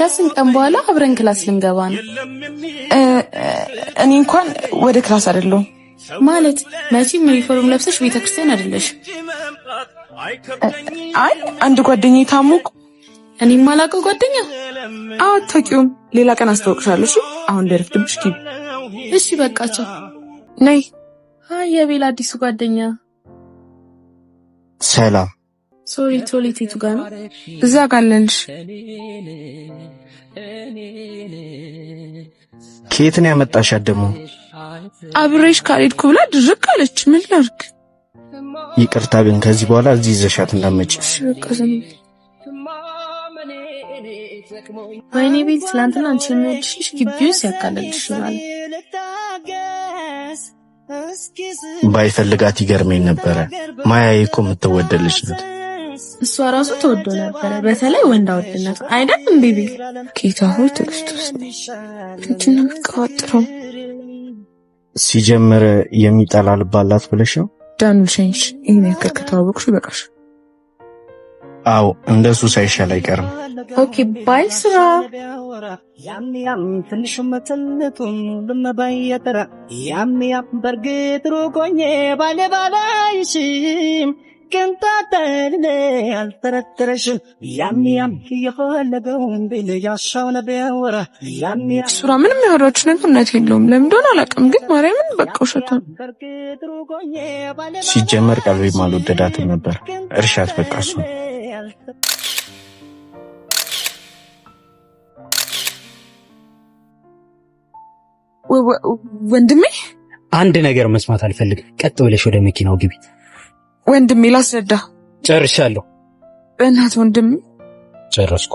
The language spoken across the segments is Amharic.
ከስንት ቀን በኋላ አብረን ክላስ ልንገባ ነው። እኔ እንኳን ወደ ክላስ አይደለሁም ማለት መቼም ዩኒፎርም ለብሰሽ ቤተክርስቲያን አይደለሽ። አይ አንድ ጓደኛ ታሙቅ እኔም የማላውቀው ጓደኛ አታውቂውም። ሌላ ቀን አስታውቅሻለሽ። አሁን ደርፍድብሽ ኪ እሺ፣ በቃቸው ነይ። አይ የቤል አዲሱ ጓደኛ ሰላም ሶሪ ቶሌቴቱ ጋር ነው። እዛ ጋር ከየትን ከየት ነው ያመጣሻት ደግሞ? አብሬሽ ካልሄድኩ ብላ ድርቅ አለች። ምን ላድርግ? ይቅርታ ግን ከዚህ በኋላ እዚህ ይዘሻት እንዳትመጪ። ወይኔ ቤት ትላንትና አንቺ ወድሽ ግቢውን ሲያቃለልሽ ማለት ባይፈልጋት ይገርመኝ ነበረ። ማያ እኮ የምትወደድ ልጅ ናት። እሷ ራሱ ተወዶ ነበረ። በተለይ ወንድ አወድነት አይደል? እንቤቢ ጌታ ሆይ ክርስቶስ እንትን የምትቀባጥረው ሲጀምር የሚጠላልባላት ብለሽ ነው ዳኑልሸንሽ ይህን ያክል ከተዋወቅሽ በቃሽ። አዎ እንደሱ ሳይሻል አይቀርም። ኦኬ ባይ ስራ ያም ያም ትንሹም ትልቁም ሁሉም ባየጠራ ያም ያም በርግጥ ሩቆኜ ባለ ባላይሽም ቅንጣጠል አልጠረጠረሽም ያም ያም እየፈለገውን ቢል ያሻው ነቢያወራ ሱራ ምንም ያወራች ነገር እውነት የለውም። ለምን እንደሆነ አላውቅም፣ ግን ማርያምን በቃ ውሸት ነው። ሲጀመር ቀልቤም አልወደዳትም ነበር። እርሻት በቃ እሱ ያልኩት። ወንድሜ አንድ ነገር መስማት አልፈልግም። ቀጥ ብለሽ ወደ መኪናው ግቢ። ወንድሜ ላስረዳ። ጨርሻለሁ። በእናት ወንድሜ ጨረስኩ።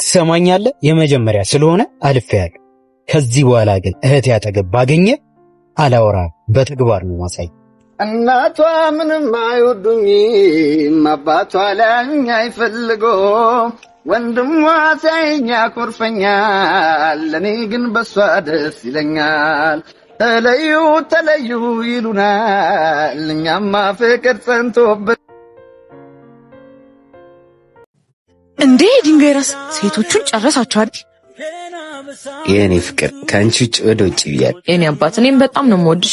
ትሰማኛለህ? የመጀመሪያ ስለሆነ አልፌያለሁ። ከዚህ በኋላ ግን እህቴ አጠገብ ባገኘ አላወራ በተግባር ነው ማሳይ። እናቷ ምንም አይወዱኝም፣ አባቷ ላይኝ አይፈልጎም፣ ወንድሟ ሲያየኝ ኮርፈኛል። ለእኔ ግን በሷ ደስ ይለኛል። ተለዩ ተለዩ ይሉናል፣ እኛማ ፍቅር ጸንቶበት እንዴ ድንጋይ ራስ ሴቶቹን ጨረሳቸው አይደል? የእኔ ፍቅር ከአንቺ ውጭ ወደ ውጭ ብያለሁ። የእኔ አባት እኔም በጣም ነው የምወድሽ።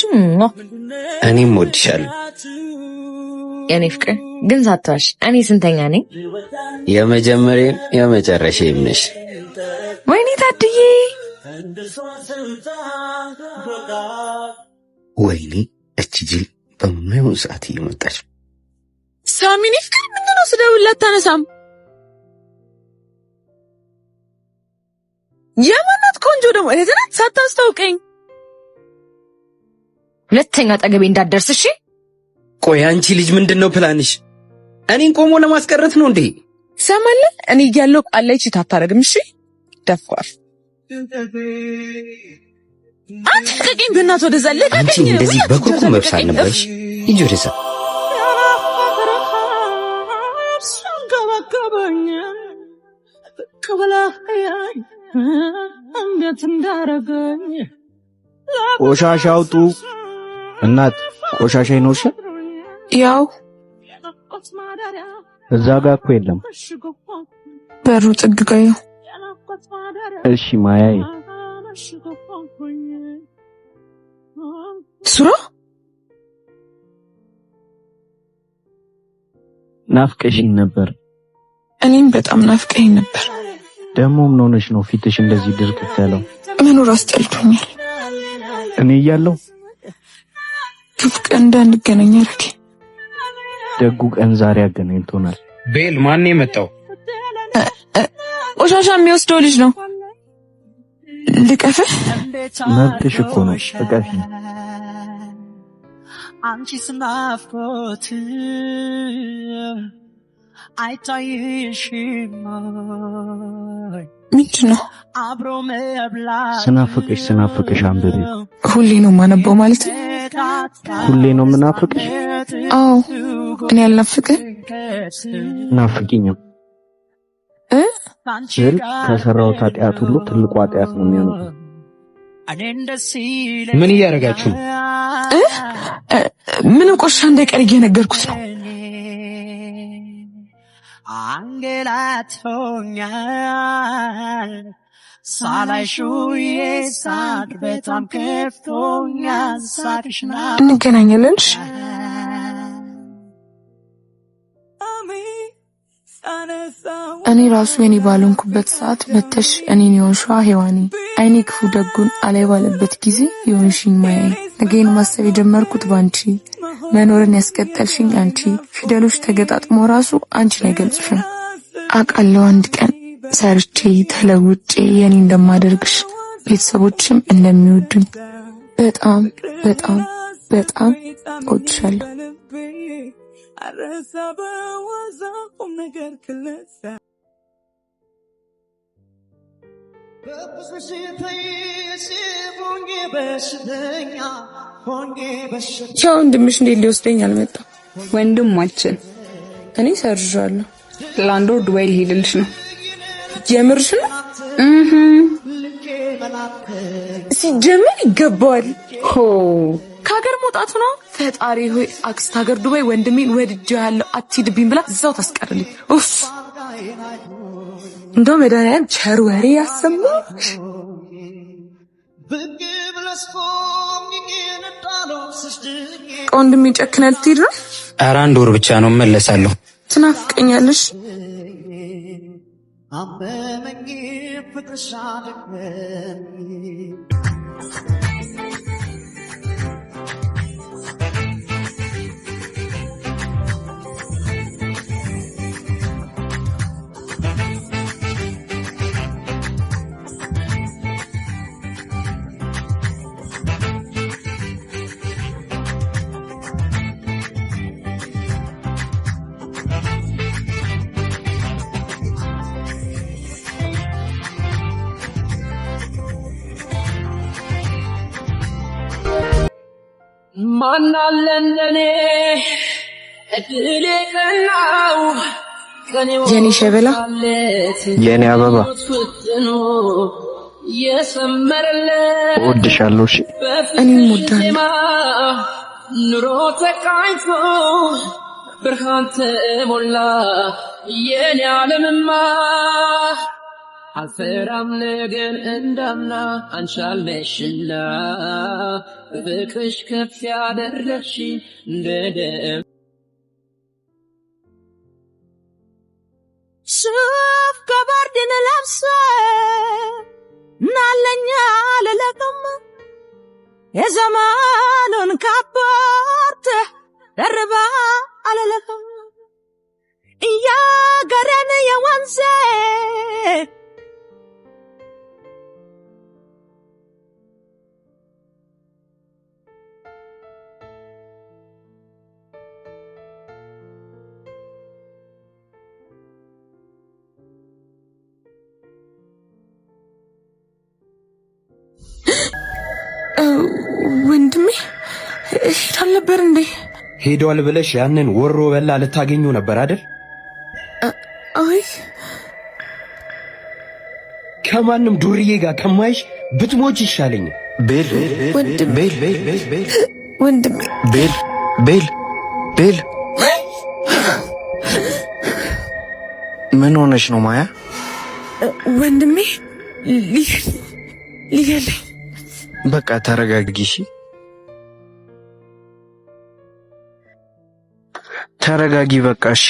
እኔም ወድሻለሁ የእኔ ፍቅር። ግን ሳትዋሽ እኔ ስንተኛ ነኝ? የመጀመሪያም የመጨረሻም ነሽ። ወይኔ ታድዬ፣ ወይኔ እች ጅል በማይሆን ሰዓት እየመጣች ሳሚኒ ፍቅር ምንድነው? ስደውልላት አታነሳም። የማናት ቆንጆ ደግሞ እህትናት ሳታስታውቀኝ ሁለተኛ አጠገቤ እንዳትደርስ እሺ። ቆይ አንቺ ልጅ ምንድን ነው ፕላንሽ? እኔን ቆሞ ለማስቀረት ነው እንዴ? ሰማለ እኔ እያለሁ ቃላይች ታታረግም። እሺ ደፋር አንቺ ልቀቀኝ፣ በእናትህ ወደዛ ልቀቀኝ። እንደዚህ በኩርኩ መብሳል ነበርሽ እንጂ ወደዛ ከባከበኝ እንዴት እንዳረገኝ ቆሻሻ አውጡ። እናት ቆሻሻ ይኖርሻል? ያው እዛ ጋር እኮ የለም። በሩ ጥግ ጋ ነው። እሺ ማያይ ሱራ ናፍቀሽኝ ነበር። እኔም በጣም ናፍቀኝ ነበር። ደግሞ ምን ሆነሽ ነው ፊትሽ እንደዚህ ድርቅት ያለው? መኖር አስጠልቶኛል። እኔ እያለሁ ዱብ ቀን እንዳንገናኝ አረግ። ደጉ ቀን ዛሬ አገናኝቶናል። ቤል ማን የመጣው? ቆሻሻ የሚወስደው ልጅ ነው። ልቀፍህ? መብትሽ እኮ ነው። እቀፊ አንቺ አይታይሽም ምንድን ነው አብሮ መብላት? ስናፍቅሽ ስናፍቅሽ አንብቤ ሁሌ ነው ማነባው ማለት ሁሌ ነው ምናፍቅሽ? አዎ እኔ አልናፍቅህ ናፍቂኝም ስል ከሰራው ኃጢአት ሁሉ ትልቁ ኃጢአት ነው የሚሆነው። ምን እያደረጋችሁ ነው? ምንም ቆሻ እንደቀር እየነገርኩት ነው አንገላቶኛል ሳላሹዬ ሳቅ በጣም ከፍቶኛል። ሳቅሽ ና እንገናኛለን። እኔ ራሱ የኔ ባልሆንኩበት ሰዓት መተሽ እኔን የሆንሽዋ ሔዋኔ አይኔ ክፉ ደጉን አላይ ባለበት ጊዜ የሆንሽኝ ማያ ነገን ማሰብ የጀመርኩት ባንቺ መኖርን ያስቀጠልሽኝ አንቺ ፊደሎች ተገጣጥሞ ራሱ አንቺን አይገልጽሽም። አቃለው አንድ ቀን ሰርቼ ተለውጬ የኔ እንደማደርግሽ ቤተሰቦችም እንደሚወዱኝ በጣም በጣም በጣም እወድሻለሁ። አረሳ በዋዛ ቁም ነገር ክለሳ በብዙ ሲተይሲቦንጌ በሽተኛ ቦንጌ በሽተኛ ቻው። ወንድምሽ እንዴት ሊወስደኝ አልመጣም? ወንድማችን እኔ ሰርዣለሁ። ለአንድ ወር ዱባይ ሊሄድልሽ ነው። ጀምርሽ ነው ሲጀምር ይገባዋል ሆ ከሀገር መውጣቱ ነው። ፈጣሪ ሆይ አክስት ሀገር ዱባይ ወንድሜን ወድጃ ያለው አትሂድብኝ ብላ እዛው ታስቀርልኝ። ኡፍ እንደው መድኃኒዓለም ቸር ወሬ ያሰማሽ። ወንድሜ ጨክነህ ልትሄድ ነው? ኧረ አንድ ወር ብቻ ነው እመለሳለሁ። ትናፍቀኛለሽ። የኔ ሸበላ የኔ አበባ እወድሻለሁ። እሺ እኔም እወድሃለሁ። ኑሮ ተቃኝቶ ብርሃን ተሞላ የኔ ዓለምማ አልፈራም ነገር እንዳምና አንሻለሽና ፍቅርሽ ከፍ ያደረግሽ እንደ ደም ሱፍ ከበርድን ለብሰ ናለኛ ልለቅም የዘመኑን ካፖርት ደርባ አልለቅም እያገረን የወንዜ ሄድ ነበር እንዴ? ሄዷል ብለሽ ያንን ወሮ በላ ልታገኙ ነበር አይደል? አይ ከማንም ዱርዬ ጋር ከማይሽ ብትሞች ይሻለኝ። ቤል ቤል ወንድም ቤል ቤል ቤል ምን ሆነሽ ነው ማያ? ወንድሜ ሊገለኝ። በቃ ተረጋጊ እሺ። ተረጋጊ በቃ እሺ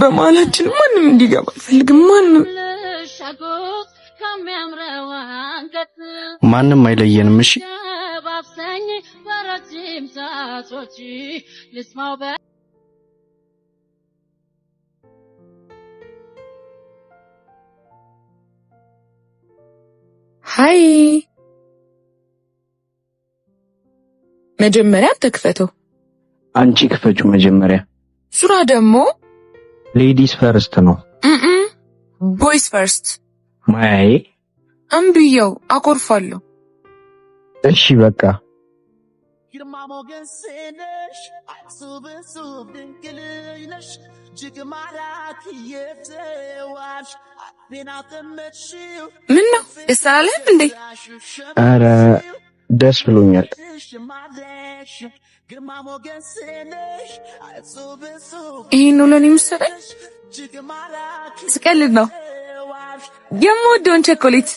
በመሀላችን ማንም እንዲገባ አልፈልግም። ማንም ማንም አይለየንም። እሺ ሀይ መጀመሪያ ተክፈተው። አንቺ ክፈጩ መጀመሪያ። ሱራ ደግሞ ሌዲስ ፈርስት ነው። ቦይስ ፈርስት። ማያዬ እምብየው አኮርፋለሁ። እሺ በቃ ግርማ ሞገስ ነሽ፣ ሱብ ሱብ ድንግል እጅግ ማራኪ የተዋብሽ ዜና ቀመጥሽው። ምን ነው ደስ አላለህም እንዴ? ኧረ ደስ ብሎኛል። ይህን ነው ለኔ የምትሰጠኝ? ስቀልድ ነው የምወደውን ቸኮሌት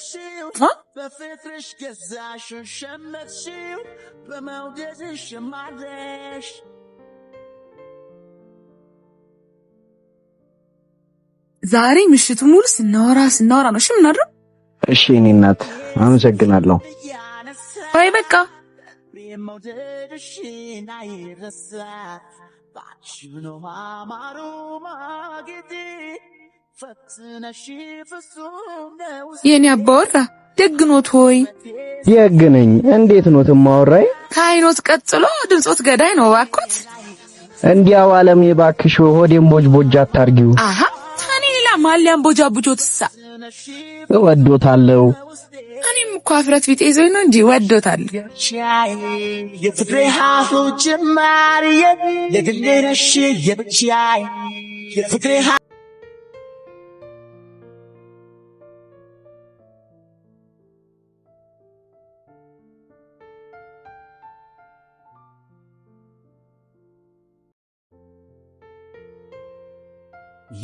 ዛሬ ምሽቱ ሙሉ ስናወራ ስናወራ ነው። እሺ፣ ምን እሺ፣ እኔ እናት አመሰግናለሁ። ታይ በቃ የኔ አባወራ ደግኖት ሆይ የግነኝ እንዴት ኖት ማወራይ ከአይኖት ቀጥሎ ድምጾት ገዳይ ነው ባኩት እንዲያው ዓለም የባክሽ ሆዴም ቦጅ ቦጅ አታርጊው አሃ ታኔ ሌላ ማሊያም ቦጃ ቦጆትሳ እወዶታለሁ። እኔም እኮ አፍረት ቢጤ ይዞኝ ነው እንጂ ወዶታል። የፍቅሬ ሀሁ ጭማሪ ነሽ የፍቅሬ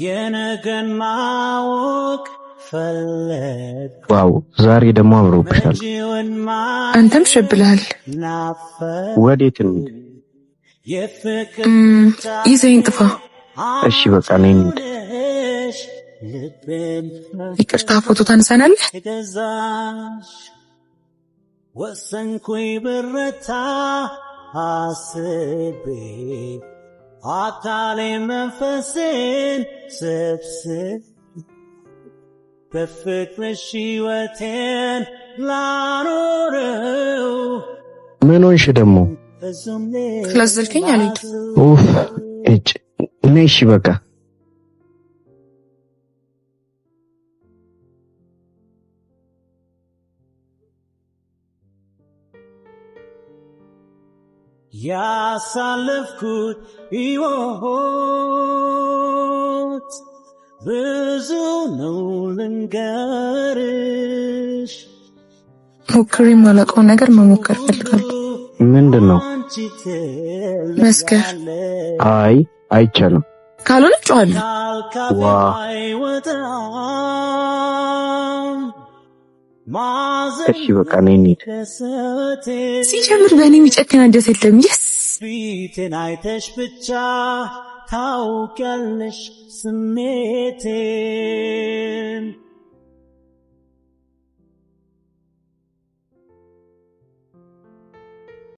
የነገን ማወቅ ዋው ዛሬ ደግሞ አምሮብሻል። አንተም ሸብልሃል። ወዴት እንሂድ? ይዘኝ ጥፋ። እሺ በቃ ነኝ። ይቅርታ ፎቶ ታነሳናለህ? ወሰንኩኝ ብረታ አስቤ አካሌ መንፈሴን ሰብስብ በፍቅርሽ ሕይወቴን ላኖረው። ምን ሆንሽ ደግሞ? አለኝ። ኡፍ እጭ ነሽ በቃ ያሳለፍኩት ይሆን ብዙ ነው ልንገርሽ። ሞክሬ የማላውቀውን ነገር መሞከር እፈልጋለሁ። ምንድን ነው? መስከር። አይ አይቻልም። ካልሆነ ጨዋለሁ። እሺ በቃ ነኝ። ሲጀምር በእኔ የሚጨክን አንጀት የለም። የስ ፊቴን አይተሽ ብቻ ታውቂያለሽ ስሜቴን